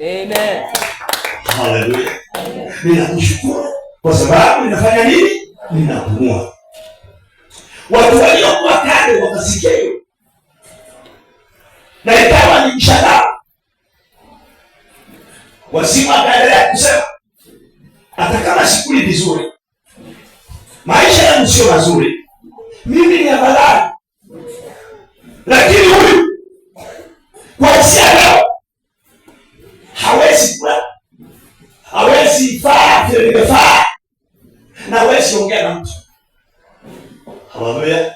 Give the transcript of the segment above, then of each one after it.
Amen. Haleluya. Ninakushukuru kwa sababu ninafanya nini? Ninapumua. Watu waliokuwa kale wakasikia hiyo, na ikawa ni mshangao. Wazima akaendelea kusema, hata kama sikuli vizuri, maisha yangu sio mazuri, mimi ni afadhali nafikiri nimefaa, na wewe siongea na mtu. Haleluya!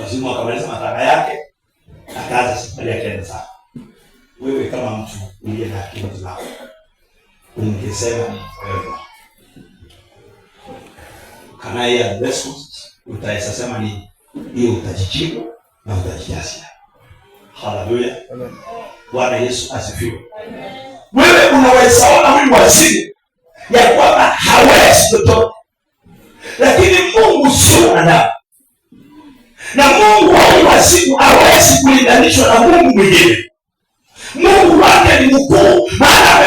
Lazima akamaliza mataka yake, akaanza safari yake tena. Sasa wewe kama mtu uliye na akili zako ungesema wewe kana ya blessings utaweza sema ni hiyo, utajichimba na utajijasia. Haleluya! Bwana Yesu asifiwe. Wewe unaweza ona huyu waziri ya kwamba hawezi kutoka, lakini Mungu sio mwanadamu, na Mungu wa siku hawezi kulinganishwa na Mungu mwingine. Mungu wake ni mkuu maana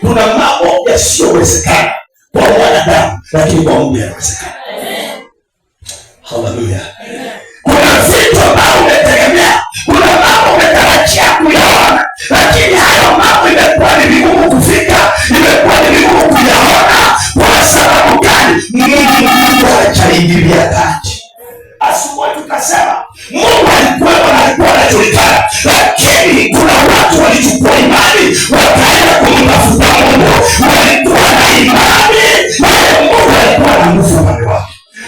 kuna mambo yasiyowezekana kwa wanadamu, lakini kwa Mungu yanawezekana. Haleluya! kuna vitu ambao umetegemea, kuna mambo umetarajia kuyaona, lakini hayo mambo imekuwa ni vigumu kufika, imekuwa ni vigumu kuyaona. Kwa sababu gani? Mungu hajaingilia kati. Asubuhi tukasema Mungu alikuwa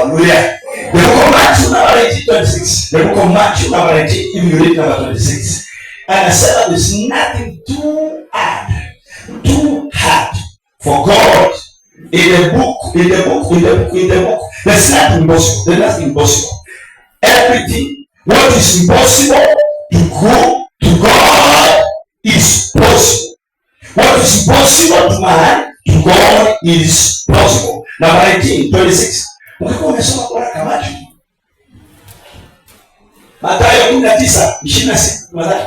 Hallelujah. The book of Matthew number 18, 26. The book of Matthew number 18, if you read number 26. and i Anasema there's nothing too hard, too hard for God. In the book, in the book, in the book, in the book, there's nothing impossible. There's nothing impossible. Everything, what is impossible to go to God is possible. What is impossible to man, to God is possible. Number 18, 26. Ulikuwa umesoma Korani macho. Mathayo 19:26 Mathayo.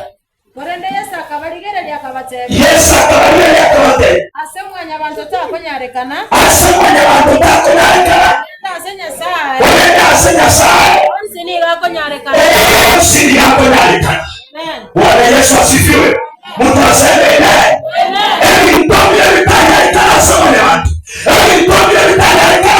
Warende Yesu akabarigereria akabatega. Yesu akabarigereria akabatega. Asemwe nyabantu ta konyarekana. Asemwe nyabantu ta konyarekana. Asenya sae. Warende asenya sae. Onsi ni ga konyarekana. Eh, Onsi ni ga konyarekana. Amen. Bwana Yesu asifiwe. Mtu aseme amen. Amen. Hebu mtoe vitani aitana somo ya watu. Hebu mtoe vitani aitana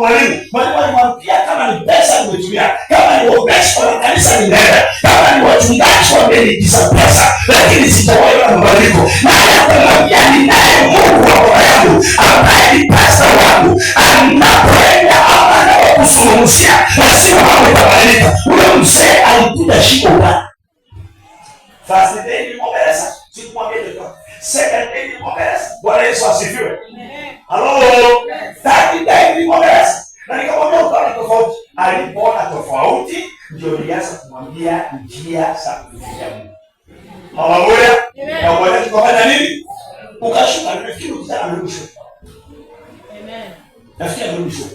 kwa mwalimu. Mwalimu alimwambia kama ni pesa nimetumia, kama ni waombezi wa kanisa nimeenda, kama ni wachungaji wameniingiza pesa, lakini sijawahi na mabadiliko. Naye akamwambia ninaye Mungu wa baba yangu ambaye ni pasta wangu, anapoenda ama anapokuzungumzia lazima mambo yatabadilika. Ule mzee alikuja shiko bana. Sasa ndio nimeeleza sikumwambia Seven in Commerce. Bwana Yesu asifiwe. Halo. Thirty days in Commerce. Na nikamwambia utaona tofauti. Alipoona tofauti ndio nilianza kumwambia njia za kufikia Mungu. Haleluya. Na bwana tukafanya nini? Ukashuka na fikiri ukitaka nirudishwe. Amen. Nafikiri nirudishwe.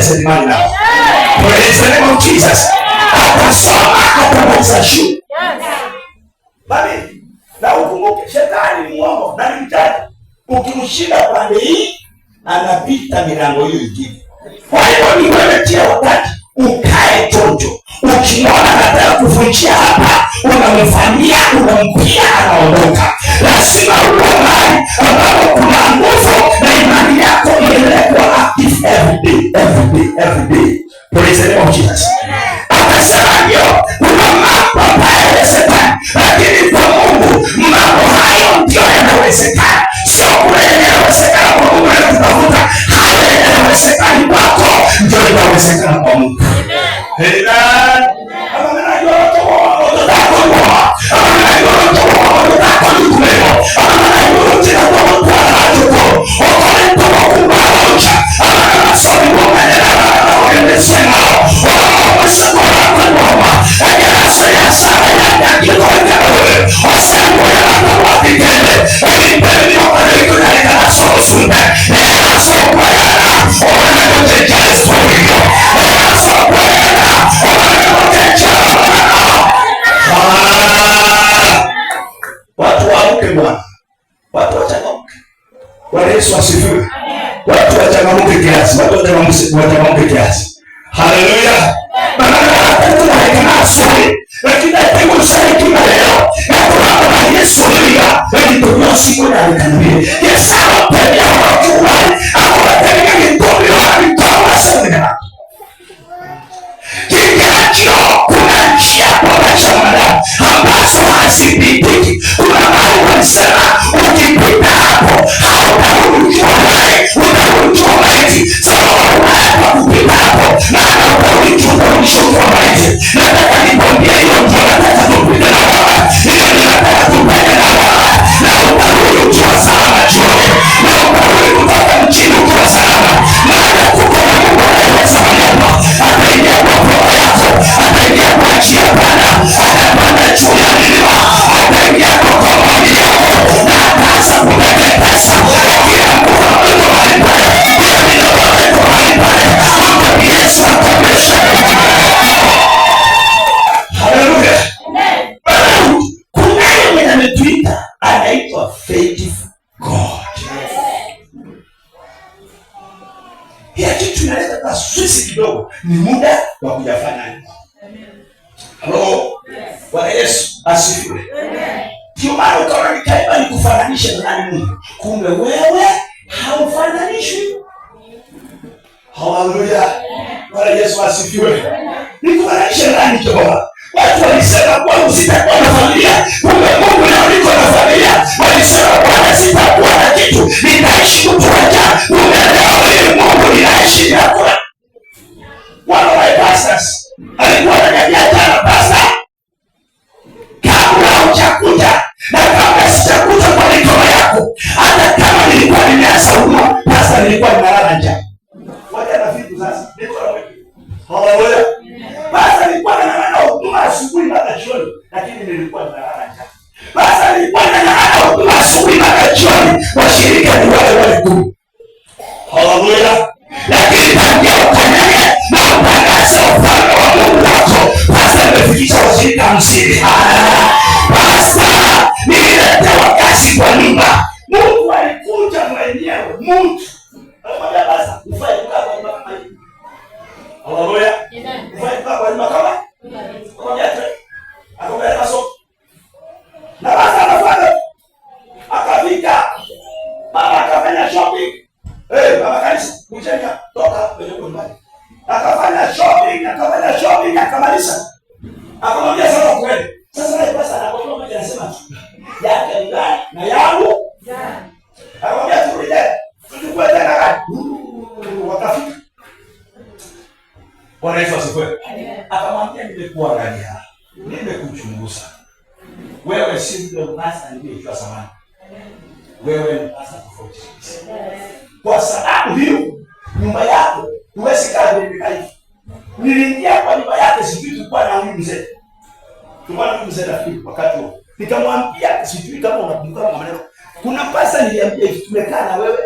blessed man now. For it is the name of Jesus. Atasoma atamaliza shule. Bali na ukumbuke shetani ni mwongo na ni mtata. Ukimshinda pande hii anapita milango hiyo ingine. Kwa hiyo ni wewe tia wakati ukae chocho. Ukiona anataka kuvunjia hapa, unamfanyia, unampia, anaondoka. Lazima uwe mahali ambapo kuna nguvu na imani yako iendelee active every day, every every day. Praise the name of Jesus. Atasema ndio, kuna mambo ambayo hayawezekani, lakini kwa Mungu mambo hayo ndio yanawezekana. Sio kule yanawezekana kwa Mungu na hayo yanawezekani kwako, ndio inawezekana kwa Mungu. Amen. sina alikimbia. Yes, asifiwe. Ndio maana ukaona nikaimba nikufananishe na nani Mungu, kumbe wewe haufananishwi. Haleluya, Bwana Yesu asifiwe. Nikufananishe na nani Jehova? Watu walisema kuwa usitakuwa na familia, kumbe Mungu leo niko na familia. Walisema Bwana, sitakuwa na kitu, nitaishi kutuacha, kumbe leo mimi Mungu ninaishi na She can Bwana Yesu asifiwe. Akamwambia, nimekuwa nimekuchunguza wewe, si mtu mpasa niliyejua zamani, wewe mpasa tofauti kwa sababu hiyo nyumba yako huwezi kaa kwenye mikaifu. Niliingia kwa nyumba yake, sijui tulikuwa na huyu mzee, tulikuwa na huyu mzee rafiki wakati huo, nikamwambia, sijui kama unakumbuka kwa maneno, kuna pasa niliambia hivi, tumekaa na wewe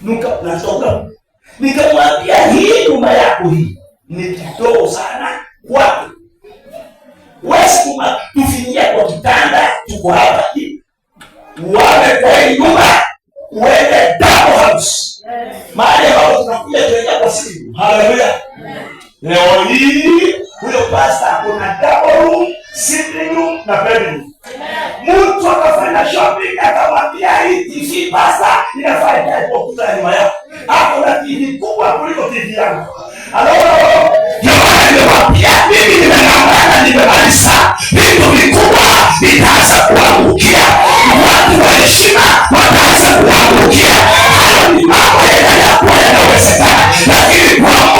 nuka natoka, nikamwambia hii nyumba yako hii ni kidogo sana kwako. Wezi kutufinyia kwa kitanda, tuko hapa wame kwa hii nyumba uende double house, mahali ambapo tunakuja tunaingia kwa simu. Haleluya! Leo hii huyo pasta kuna double room, sitting room na bedroom. Mtu akafanya shopping akamwambia hii TV pasta inafaa kwa kuta ya nyuma yako, hapo na TV kubwa kuliko TV yangu vitu vikubwa vitaanza kuangukia, watu wa heshima wataanza kuangukia. Hayo ni mambo yanawezekana, lakini kwa